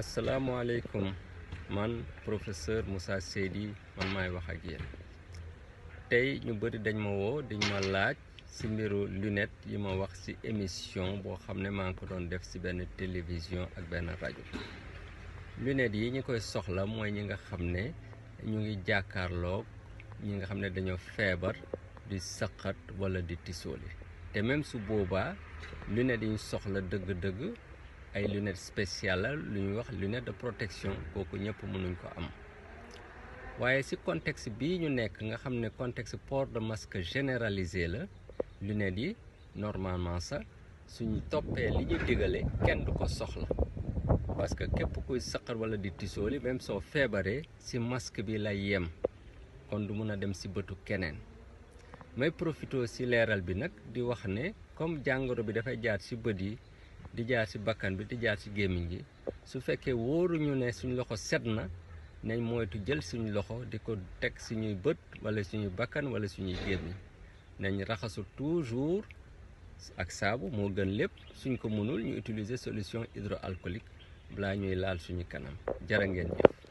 asalaamaaleykum man professeur Moussa Seydi man maay wax ak yéen tey ñu bëri dañ ma woo dañ ma laaj ci mbiru lunette yi ma wax ci émission boo xam ne maa ngi ko doon def ci benn télévision ak benn rajo lunette yi ñi koy soxla mooy ñi nga xam ne ñu ngi jàkkaarloog ñi nga xam ne dañoo feebar di saqat walla di tisooli te même su boobaa lunette yi ñu soxla dëgg-dëgg ay lunette spéciale la lu ñuy wax lunette de protection kooku ñëpp mënuñ ko am waaye ci contexte bii ñu nekk nga xam ne contexte port de masque généralisé la lunette yi normalement sax suñ toppee li ñuy digale kenn du ko soxla parce que képp kuy saqar walla di tisooli même soo feebaree ci masque bi lay yem kon du mën a dem ci bëtu keneen may profité ci leeral bi nag di wax ne comme jàngoro bi dafay jaar ci bët yi di jaar si bakkan bi di jaar si gémmiñ gi su fekkee wóoruñu ne suñ loxo set na nañ moytu jël suñu loxo di ko teg suñuy bët wala suñuy bakkan wala suñuy gémmiñ nañ raxasu toujours ak saabu moo gën lépp suñ ko mënul ñu utiliser solution hydroalcoolique balaa ñuy laal suñu kanam jërë ngeen jëf